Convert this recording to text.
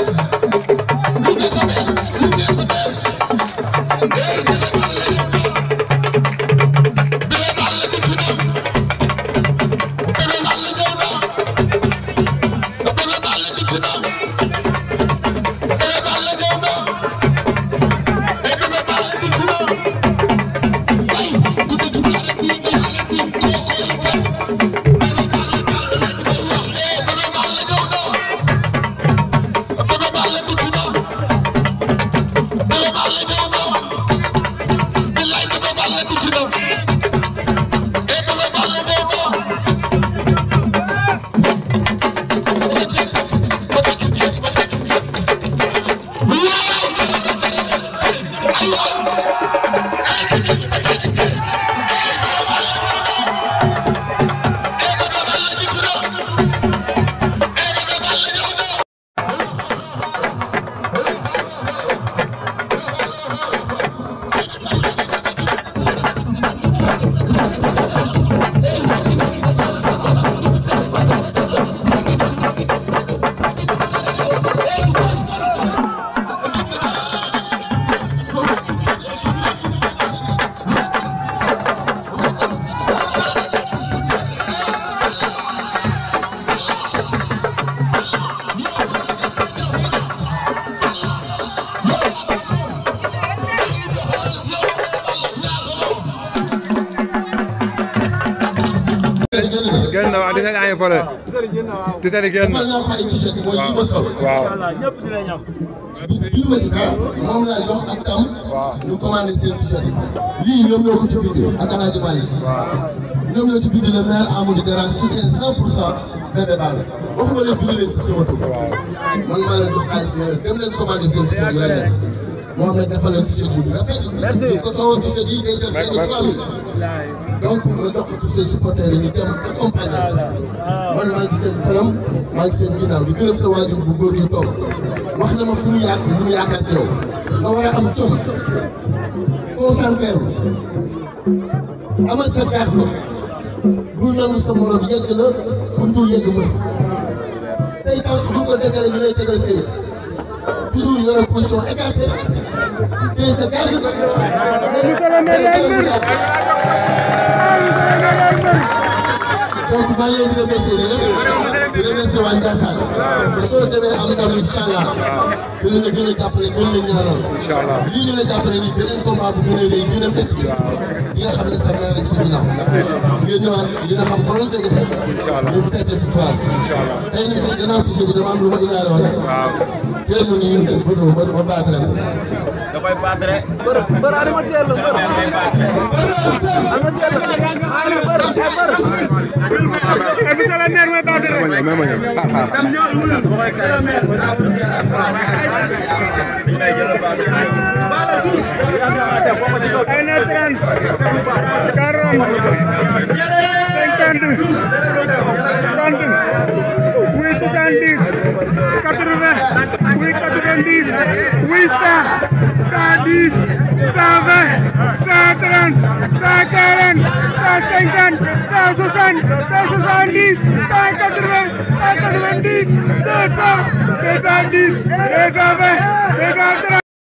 Good night. Lord. génn waaw di seen ay fole. di seen i génn. defal naa ko ay t-shirt mooy yi ma sol. waaw ñëpp dinañ am. bi ma ci dara moom laa jox ak tam. waaw ñu commandé seen t-shirt lii ñoom ñoo ko ci bindee ak El Hadj Baye. waaw ñoom ñoo ci bindee le maire Amadou Dara soutien 100 pour cent Bébé Balla waxuma leen bindee leen si sama tur. waaw man maa leen jox xaalis bi dem leen commandé seen t-shirt yu rafet. moom nag defal leen t-shirt yu rafet. merci ko tawoon t-shirt yi day dem benn 3000. donc nga jox ko ses supporters yi ñu dem accompagner man maa ngi seen kanam maa ngi seen ginnaaw di gërëm sa waajur bu góor yi toog wax na ma fu mu yàgg lu mu yaakaar ci yow nga war a am jom concentré amal sa gàddu bul nangu sa morom yegg la fu mu dul yegg mën say tànk du ko dégale ñu lay donc maa ngi leen di remercier di leen di remercier waa Ndiassane bu soo demee am ndam incha allah dinañ la gën a jàppale gën la ñaanal. incha allah lii ñu la jàppale nii beneen combat bu gënee day gën a métti di nga xam ne sa mère rek sa ginnaaw. ngeen ñëwaat dina xam fan lañ fekk fekk. incha allah ñu fekkee fi faar. incha allah tey nag tey gannaaw tissu bi dama am lu ma indaale woon. waaw teel ma nii ñun de ma ma baatare ko. da koy baatare. bëri bëri animateur la bëri. monsieur le maire mooy baax rek ma ñëw xaar xaar ay na trente quarante cinquante trente oui soixante-dix quatre-vingts oui quatre-vingt-dix oui cent cent dix cent vingt cent trente cent quarante 150 160 170 180 190 200 210 220